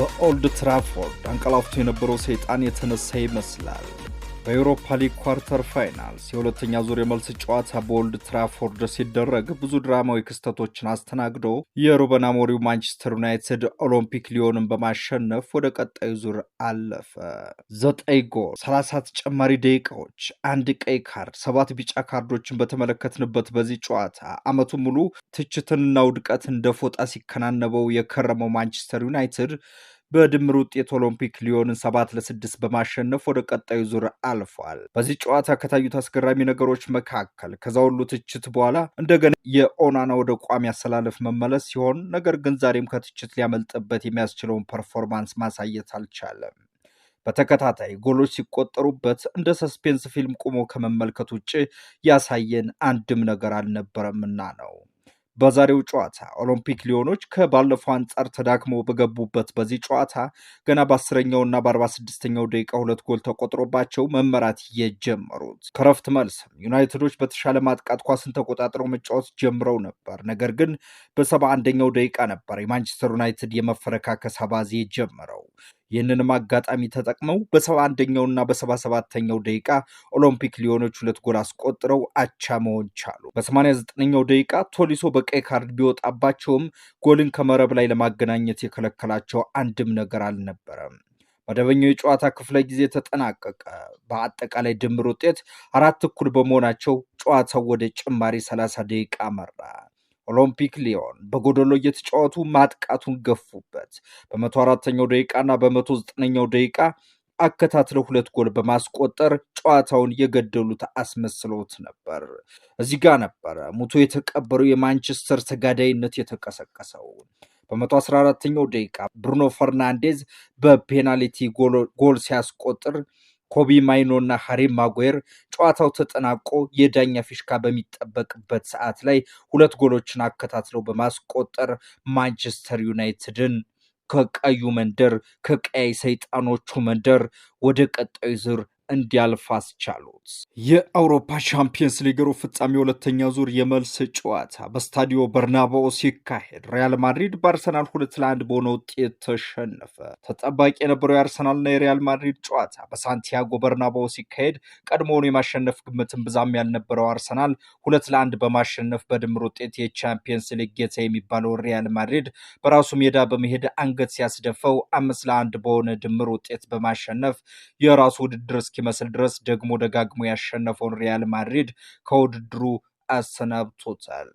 በኦልድ ትራፎርድ አንቀላፍቶ የነበረው ሰይጣን የተነሳ ይመስላል። በዩሮፓ ሊግ ኳርተር ፋይናልስ የሁለተኛ ዙር የመልስ ጨዋታ በኦልድ ትራፎርድ ሲደረግ ብዙ ድራማዊ ክስተቶችን አስተናግዶ የሩበን አሞሪው ማንቸስተር ዩናይትድ ኦሎምፒክ ሊዮንን በማሸነፍ ወደ ቀጣዩ ዙር አለፈ። ዘጠኝ ጎል፣ ሰላሳ ተጨማሪ ደቂቃዎች፣ አንድ ቀይ ካርድ፣ ሰባት ቢጫ ካርዶችን በተመለከትንበት በዚህ ጨዋታ አመቱ ሙሉ ትችትንና ውድቀት እንደ ፎጣ ሲከናነበው የከረመው ማንቸስተር ዩናይትድ በድምር ውጤት ኦሎምፒክ ሊዮንን ሰባት ለስድስት በማሸነፍ ወደ ቀጣዩ ዙር አልፏል። በዚህ ጨዋታ ከታዩት አስገራሚ ነገሮች መካከል ከዛ ሁሉ ትችት በኋላ እንደገና የኦናና ወደ ቋሚ አሰላለፍ መመለስ ሲሆን፣ ነገር ግን ዛሬም ከትችት ሊያመልጥበት የሚያስችለውን ፐርፎርማንስ ማሳየት አልቻለም። በተከታታይ ጎሎች ሲቆጠሩበት እንደ ሰስፔንስ ፊልም ቁሞ ከመመልከት ውጭ ያሳየን አንድም ነገር አልነበረምና ነው። በዛሬው ጨዋታ ኦሎምፒክ ሊዮኖች ከባለፈው አንጻር ተዳክመው በገቡበት በዚህ ጨዋታ ገና በአስረኛውና በአርባ ስድስተኛው ደቂቃ ሁለት ጎል ተቆጥሮባቸው መመራት የጀመሩት ከረፍት መልስ ዩናይትዶች በተሻለ ማጥቃት ኳስን ተቆጣጥረው መጫወት ጀምረው ነበር። ነገር ግን በሰባ አንደኛው ደቂቃ ነበር የማንቸስተር ዩናይትድ የመፈረካከስ አባዜ ጀመረው። ይህንንም አጋጣሚ ተጠቅመው በሰባ አንደኛውና በሰባ ሰባተኛው ደቂቃ ኦሎምፒክ ሊዮኖች ሁለት ጎል አስቆጥረው አቻ መሆን ቻሉ። በሰማንያ ዘጠነኛው ደቂቃ ቶሊሶ በቀይ ካርድ ቢወጣባቸውም ጎልን ከመረብ ላይ ለማገናኘት የከለከላቸው አንድም ነገር አልነበረም። መደበኛው የጨዋታ ክፍለ ጊዜ ተጠናቀቀ። በአጠቃላይ ድምር ውጤት አራት እኩል በመሆናቸው ጨዋታው ወደ ጭማሪ ሰላሳ ደቂቃ መራ። ኦሎምፒክ ሊዮን በጎደሎ እየተጫወቱ ማጥቃቱን ገፉበት። በመቶ አራተኛው ደቂቃና በመቶ ዘጠነኛው ደቂቃ አከታትለው ሁለት ጎል በማስቆጠር ጨዋታውን የገደሉት አስመስለውት ነበር። እዚህ ጋር ነበረ ሙቶ የተቀበረው የማንቸስተር ተጋዳይነት የተቀሰቀሰው። በመቶ አስራ አራተኛው ደቂቃ ብሩኖ ፈርናንዴዝ በፔናልቲ ጎል ሲያስቆጥር ኮቢ ማይኖና ሃሪ ማጎየር ጨዋታው ተጠናቆ የዳኛ ፊሽካ በሚጠበቅበት ሰዓት ላይ ሁለት ጎሎችን አከታትለው በማስቆጠር ማንቸስተር ዩናይትድን ከቀዩ መንደር ከቀያይ ሰይጣኖቹ መንደር ወደ ቀጣዩ ዙር እንዲያልፍ አስቻሉት። የአውሮፓ ሻምፒየንስ ሊግ ሩብ ፍጻሜ ሁለተኛ ዙር የመልስ ጨዋታ በስታዲዮ በርናባኦ ሲካሄድ ሪያል ማድሪድ በአርሰናል ሁለት ለአንድ በሆነ ውጤት ተሸነፈ። ተጠባቂ የነበረው የአርሰናልና የሪያል ማድሪድ ጨዋታ በሳንቲያጎ በርናባኦ ሲካሄድ ቀድሞውኑ የማሸነፍ ግምትን ብዛም ያልነበረው አርሰናል ሁለት ለአንድ በማሸነፍ በድምር ውጤት የቻምፒየንስ ሊግ ጌታ የሚባለው ሪያል ማድሪድ በራሱ ሜዳ በመሄድ አንገት ሲያስደፈው አምስት ለአንድ በሆነ ድምር ውጤት በማሸነፍ የራሱ ውድድር እስኪ እስኪመስል ድረስ ደግሞ ደጋግሞ ያሸነፈውን ሪያል ማድሪድ ከውድድሩ አሰናብቶታል።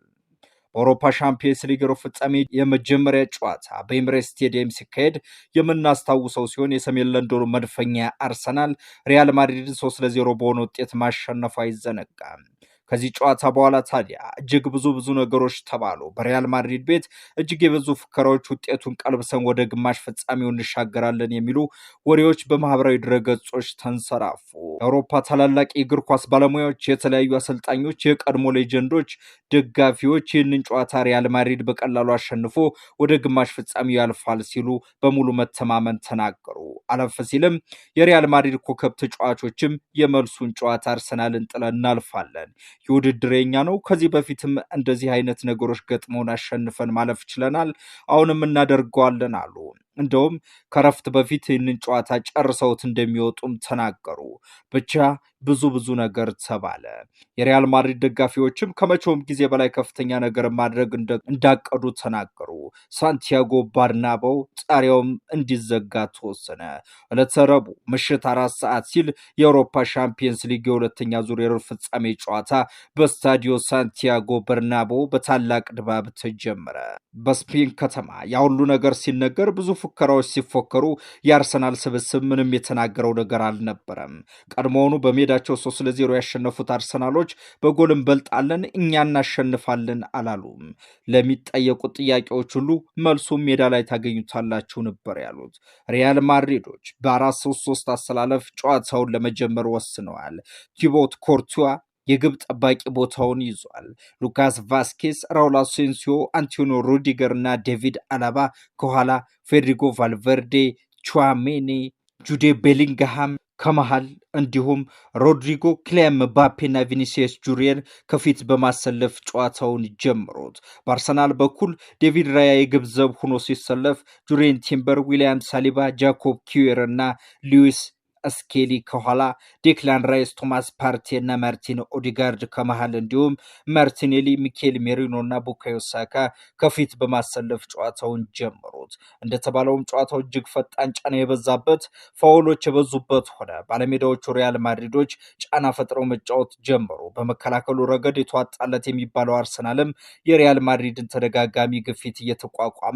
በአውሮፓ ሻምፒየንስ ሊግ ሩብ ፍጻሜ የመጀመሪያ ጨዋታ በኤምሬትስ ስቴዲየም ሲካሄድ የምናስታውሰው ሲሆን የሰሜን ለንደኑ መድፈኛ አርሰናል ሪያል ማድሪድን ሶስት ለዜሮ በሆነ ውጤት ማሸነፉ አይዘነጋም። ከዚህ ጨዋታ በኋላ ታዲያ እጅግ ብዙ ብዙ ነገሮች ተባሉ። በሪያል ማድሪድ ቤት እጅግ የበዙ ፉከራዎች ውጤቱን ቀልብሰን ወደ ግማሽ ፍጻሜው እንሻገራለን የሚሉ ወሬዎች በማህበራዊ ድረገጾች ተንሰራፉ። የአውሮፓ ታላላቅ የእግር ኳስ ባለሙያዎች፣ የተለያዩ አሰልጣኞች፣ የቀድሞ ሌጀንዶች፣ ደጋፊዎች ይህንን ጨዋታ ሪያል ማድሪድ በቀላሉ አሸንፎ ወደ ግማሽ ፍጻሜው ያልፋል ሲሉ በሙሉ መተማመን ተናገሩ። አለፍ ሲልም የሪያል ማድሪድ ኮከብ ተጫዋቾችም የመልሱን ጨዋታ አርሰናልን ጥለን እናልፋለን የውድድር የኛ ነው። ከዚህ በፊትም እንደዚህ አይነት ነገሮች ገጥመውን አሸንፈን ማለፍ ችለናል። አሁንም እናደርገዋለን አሉ። እንደውም ከረፍት በፊት ይህንን ጨዋታ ጨርሰውት እንደሚወጡም ተናገሩ። ብቻ ብዙ ብዙ ነገር ተባለ። የሪያል ማድሪድ ደጋፊዎችም ከመቼውም ጊዜ በላይ ከፍተኛ ነገር ማድረግ እንዳቀዱ ተናገሩ። ሳንቲያጎ ባርናባው ጣሪያውም እንዲዘጋ ተወሰነ። ዕለተ ረቡዕ ምሽት አራት ሰዓት ሲል የአውሮፓ ሻምፒየንስ ሊግ የሁለተኛ ዙር የሩብ ፍጻሜ ጨዋታ በስታዲዮ ሳንቲያጎ በርናቦ በታላቅ ድባብ ተጀመረ። በስፔን ከተማ ያሁሉ ነገር ሲነገር፣ ብዙ ፉከራዎች ሲፎከሩ፣ የአርሰናል ስብስብ ምንም የተናገረው ነገር አልነበረም። ቀድሞውኑ በሜዳ በሜዳቸው ሶስት ለዜሮ ያሸነፉት አርሰናሎች በጎልን በልጣለን እኛ እናሸንፋለን አላሉም። ለሚጠየቁት ጥያቄዎች ሁሉ መልሱ ሜዳ ላይ ታገኙታላችሁ ነበር ያሉት። ሪያል ማድሪዶች በአራት ሶስት ሶስት አሰላለፍ ጨዋታውን ለመጀመር ወስነዋል። ቲቦት ኮርቱዋ የግብ ጠባቂ ቦታውን ይዟል። ሉካስ ቫስኬስ፣ ራውል አሴንሲዮ፣ አንቶኒዮ ሩዲገር እና ዴቪድ አላባ ከኋላ ፌድሪጎ ቫልቨርዴ፣ ቹዋሜኔ፣ ጁዴ ቤሊንግሃም ከመሃል እንዲሁም ሮድሪጎ፣ ኪሊያን ምባፔና ቪኒሲየስ ጁሪየር ከፊት በማሰለፍ ጨዋታውን ጀምሮት። በአርሰናል በኩል ዴቪድ ራያ የግብ ዘብ ሆኖ ሲሰለፍ ጁሪየን ቲምበር፣ ዊሊያም ሳሊባ፣ ጃኮብ ኪዌር እና ሉዊስ ስኬሊ ከኋላ፣ ዴክላን ራይስ፣ ቶማስ ፓርቲ እና ማርቲን ኦዲጋርድ ከመሃል እንዲሁም ማርቲኔሊ፣ ሚኬል ሜሪኖ እና ቡካዮ ሳካ ከፊት በማሰለፍ ጨዋታውን ጀመሩት። እንደተባለውም ጨዋታው እጅግ ፈጣን ጫና የበዛበት፣ ፋውሎች የበዙበት ሆነ። ባለሜዳዎቹ ሪያል ማድሪዶች ጫና ፈጥረው መጫወት ጀመሩ። በመከላከሉ ረገድ የተዋጣለት የሚባለው አርሰናልም የሪያል ማድሪድን ተደጋጋሚ ግፊት እየተቋቋመ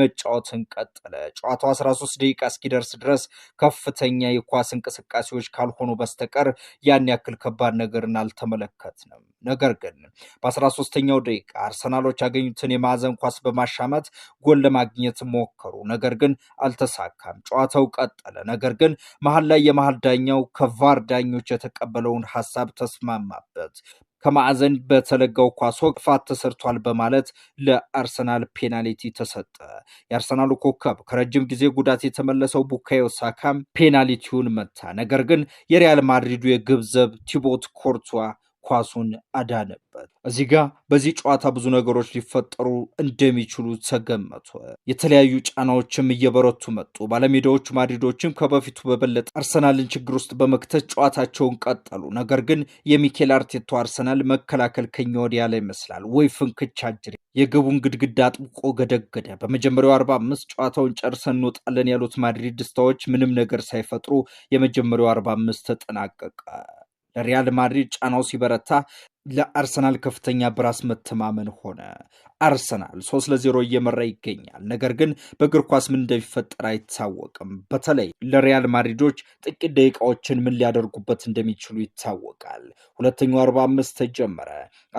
መጫወትን ቀጠለ። ጨዋታው 13 ደቂቃ እስኪደርስ ድረስ ከፍተኛ የኳስ እንቅስቃሴዎች ካልሆኑ በስተቀር ያን ያክል ከባድ ነገርን አልተመለከትንም። ነገር ግን በ 13 ሶስተኛው ደቂቃ አርሰናሎች ያገኙትን የማዕዘን ኳስ በማሻመት ጎል ለማግኘት ሞከሩ። ነገር ግን አልተሳካም። ጨዋታው ቀጠለ። ነገር ግን መሀል ላይ የመሀል ዳኛው ከቫር ዳኞች የተቀበለውን ሀሳብ ተስማማበት። ከማዕዘን በተለጋው ኳስ ወቅፋት ተሰርቷል በማለት ለአርሰናል ፔናልቲ ተሰጠ። የአርሰናሉ ኮከብ ከረጅም ጊዜ ጉዳት የተመለሰው ቡካዮ ሳካም ፔናልቲውን መታ። ነገር ግን የሪያል ማድሪዱ የግብዘብ ቲቦት ኮርቷ ኳሱን አዳነበት። እዚህ ጋ በዚህ ጨዋታ ብዙ ነገሮች ሊፈጠሩ እንደሚችሉ ተገመቱ። የተለያዩ ጫናዎችም እየበረቱ መጡ። ባለሜዳዎቹ ማድሪዶችም ከበፊቱ በበለጠ አርሰናልን ችግር ውስጥ በመክተት ጨዋታቸውን ቀጠሉ። ነገር ግን የሚኬል አርቴቶ አርሰናል መከላከል ከኛ ወዲያ ላይ ይመስላል ወይ ፍንክች አጅሬ የግቡን ግድግዳ አጥብቆ ገደገደ። በመጀመሪያው 45 ጨዋታውን ጨርሰን እንወጣለን ያሉት ማድሪድ ስታዎች ምንም ነገር ሳይፈጥሩ የመጀመሪያው 45 ተጠናቀቀ። ለሪያል ማድሪድ ጫናው ሲበረታ ለአርሰናል ከፍተኛ በራስ መተማመን ሆነ። አርሰናል ሶስት ለዜሮ እየመራ ይገኛል። ነገር ግን በእግር ኳስ ምን እንደሚፈጠር አይታወቅም። በተለይ ለሪያል ማድሪዶች ጥቂት ደቂቃዎችን ምን ሊያደርጉበት እንደሚችሉ ይታወቃል። ሁለተኛው አርባ አምስት ተጀመረ።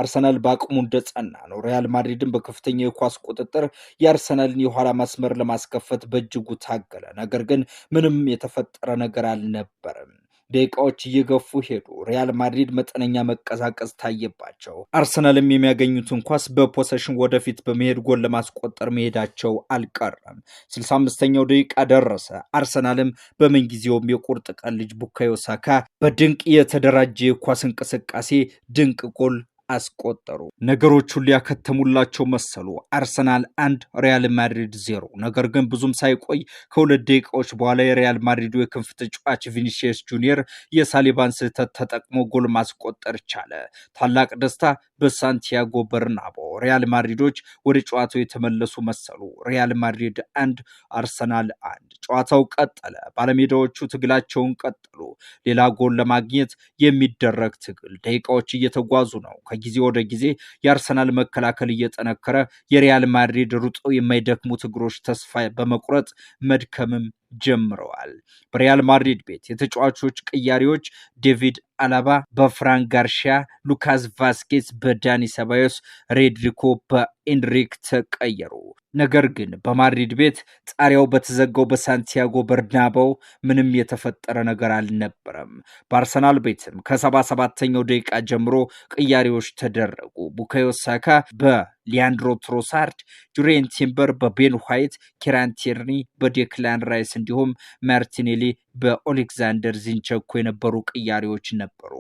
አርሰናል በአቅሙ እንደጸና ነው። ሪያል ማድሪድን በከፍተኛ የኳስ ቁጥጥር የአርሰናልን የኋላ መስመር ለማስከፈት በእጅጉ ታገለ። ነገር ግን ምንም የተፈጠረ ነገር አልነበርም። ደቂቃዎች እየገፉ ሄዱ። ሪያል ማድሪድ መጠነኛ መቀዛቀዝ ታየባቸው። አርሰናልም የሚያገኙትን ኳስ በፖሰሽን ወደፊት በመሄድ ጎል ለማስቆጠር መሄዳቸው አልቀረም። 65ኛው ደቂቃ ደረሰ። አርሰናልም በምንጊዜውም የቁርጥ ቀን ልጅ ቡካዮ ሳካ በድንቅ የተደራጀ የኳስ እንቅስቃሴ ድንቅ ጎል አስቆጠሩ። ነገሮቹን ሊያከተሙላቸው መሰሉ። አርሰናል አንድ ሪያል ማድሪድ ዜሮ። ነገር ግን ብዙም ሳይቆይ ከሁለት ደቂቃዎች በኋላ የሪያል ማድሪዱ የክንፍ ተጫዋች ቪኒሺየስ ጁኒየር የሳሊባን ስህተት ተጠቅሞ ጎል ማስቆጠር ቻለ። ታላቅ ደስታ በሳንቲያጎ በርናቦ። ሪያል ማድሪዶች ወደ ጨዋታው የተመለሱ መሰሉ። ሪያል ማድሪድ አንድ አርሰናል አንድ። ጨዋታው ቀጠለ። ባለሜዳዎቹ ትግላቸውን ቀጠሉ። ሌላ ጎል ለማግኘት የሚደረግ ትግል። ደቂቃዎች እየተጓዙ ነው። ከጊዜ ወደ ጊዜ የአርሰናል መከላከል እየጠነከረ የሪያል ማድሪድ ሩጦ የማይደክሙት እግሮች ተስፋ በመቁረጥ መድከምም ጀምረዋል። በሪያል ማድሪድ ቤት የተጫዋቾች ቅያሪዎች ዴቪድ አላባ በፍራንክ ጋርሺያ፣ ሉካስ ቫስኬዝ በዳኒ ሰባዮስ፣ ሬድሪኮ በኢንሪክ ተቀየሩ። ነገር ግን በማድሪድ ቤት ጣሪያው በተዘጋው በሳንቲያጎ በርናባው ምንም የተፈጠረ ነገር አልነበረም። በአርሰናል ቤትም ከ77ኛው ደቂቃ ጀምሮ ቅያሬዎች ተደረጉ። ቡካዮ ሳካ በሊያንድሮ ትሮሳርድ፣ ጁሬን ቲምበር በቤን ኋይት፣ ኪራን ቲርኒ በዴክላን ራይስ እንዲሁም ማርቲኔሊ በኦሌክዛንደር ዚንቸኮ የነበሩ ቅያሬዎች ነበሩ።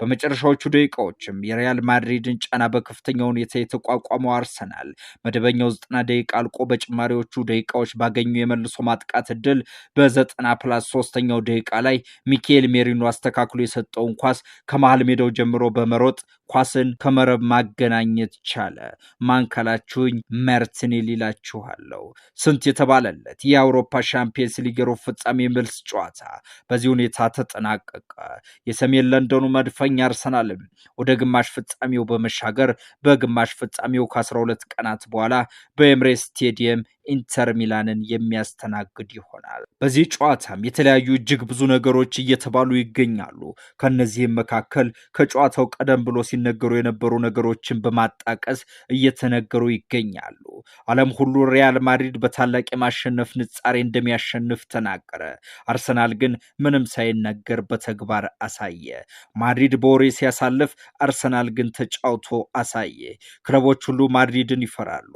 በመጨረሻዎቹ ደቂቃዎችም የሪያል ማድሪድን ጫና በከፍተኛ ሁኔታ የተቋቋመው አርሰናል መደበኛው ዘጠና ደቂቃ አልቆ በጭማሪዎቹ ደቂቃዎች ባገኙ የመልሶ ማጥቃት እድል በዘጠና ፕላስ ሶስተኛው ደቂቃ ላይ ሚካኤል ሜሪኖ አስተካክሎ የሰጠውን ኳስ ከመሃል ሜዳው ጀምሮ በመሮጥ ኳስን ከመረብ ማገናኘት ቻለ። ማንካላችሁኝ መርትን ሊላችኋለሁ። ስንት የተባለለት የአውሮፓ ሻምፒየንስ ሊግ ሩብ ፍጻሜ መልስ ጨዋታ በዚህ ሁኔታ ተጠናቀቀ። የሰሜን ለንደኑ መድፈኛ አርሰናልም ወደ ግማሽ ፍጻሜው በመሻገር በግማሽ ፍጻሜው ከ12 ቀናት በኋላ በኤምሬስ ስቴዲየም ኢንተር ሚላንን የሚያስተናግድ ይሆናል። በዚህ ጨዋታም የተለያዩ እጅግ ብዙ ነገሮች እየተባሉ ይገኛሉ። ከእነዚህም መካከል ከጨዋታው ቀደም ብሎ ሲነገሩ የነበሩ ነገሮችን በማጣቀስ እየተነገሩ ይገኛሉ። ዓለም ሁሉ ሪያል ማድሪድ በታላቅ የማሸነፍ ንጻሬ እንደሚያሸንፍ ተናገረ። አርሰናል ግን ምንም ሳይነገር በተግባር አሳየ። ማድሪድ በወሬ ሲያሳልፍ፣ አርሰናል ግን ተጫውቶ አሳየ። ክለቦች ሁሉ ማድሪድን ይፈራሉ።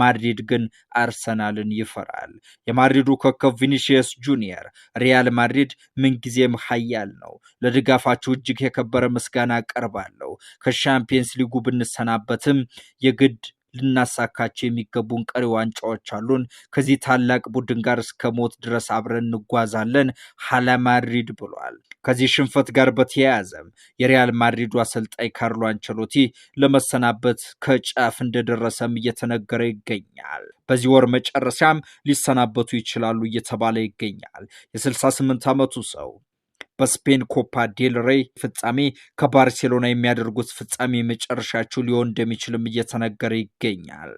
ማድሪድ ግን አርሰናል አርሰናልን ይፈራል። የማድሪዱ ኮከብ ቪኒሽየስ ጁኒየር ሪያል ማድሪድ ምንጊዜም ሀያል ነው፣ ለድጋፋችሁ እጅግ የከበረ ምስጋና ቀርባለሁ። ከሻምፒየንስ ሊጉ ብንሰናበትም የግድ ልናሳካቸው የሚገቡን ቀሪ ዋንጫዎች አሉን። ከዚህ ታላቅ ቡድን ጋር እስከ ሞት ድረስ አብረን እንጓዛለን ሀላ ማድሪድ ብሏል። ከዚህ ሽንፈት ጋር በተያያዘም የሪያል ማድሪዱ አሰልጣኝ ካርሎ አንቸሎቲ ለመሰናበት ከጫፍ እንደደረሰም እየተነገረ ይገኛል። በዚህ ወር መጨረሻም ሊሰናበቱ ይችላሉ እየተባለ ይገኛል። የ68 ዓመቱ ሰው በስፔን ኮፓ ዴል ሬይ ፍጻሜ ከባርሴሎና የሚያደርጉት ፍጻሜ መጨረሻቸው ሊሆን እንደሚችልም እየተነገረ ይገኛል።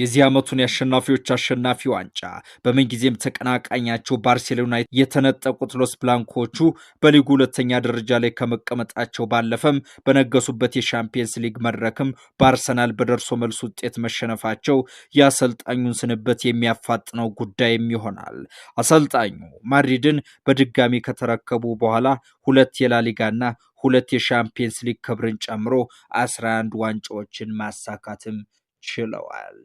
የዚህ ዓመቱን የአሸናፊዎች አሸናፊ ዋንጫ በምን ተቀናቃኛቸው ባርሴሎና የተነጠቁት ሎስ ብላንኮቹ በሊጉ ሁለተኛ ደረጃ ላይ ከመቀመጣቸው ባለፈም በነገሱበት የሻምፒየንስ ሊግ መድረክም በአርሰናል በደርሶ መልስ ውጤት መሸነፋቸው የአሰልጣኙን ስንበት የሚያፋጥነው ጉዳይም ይሆናል። አሰልጣኙ ማድሪድን በድጋሚ ከተረከቡ በኋላ ሁለት የላሊጋና ሁለት የሻምፒየንስ ሊግ ክብርን ጨምሮ አስራ አንድ ዋንጫዎችን ማሳካትም ችለዋል።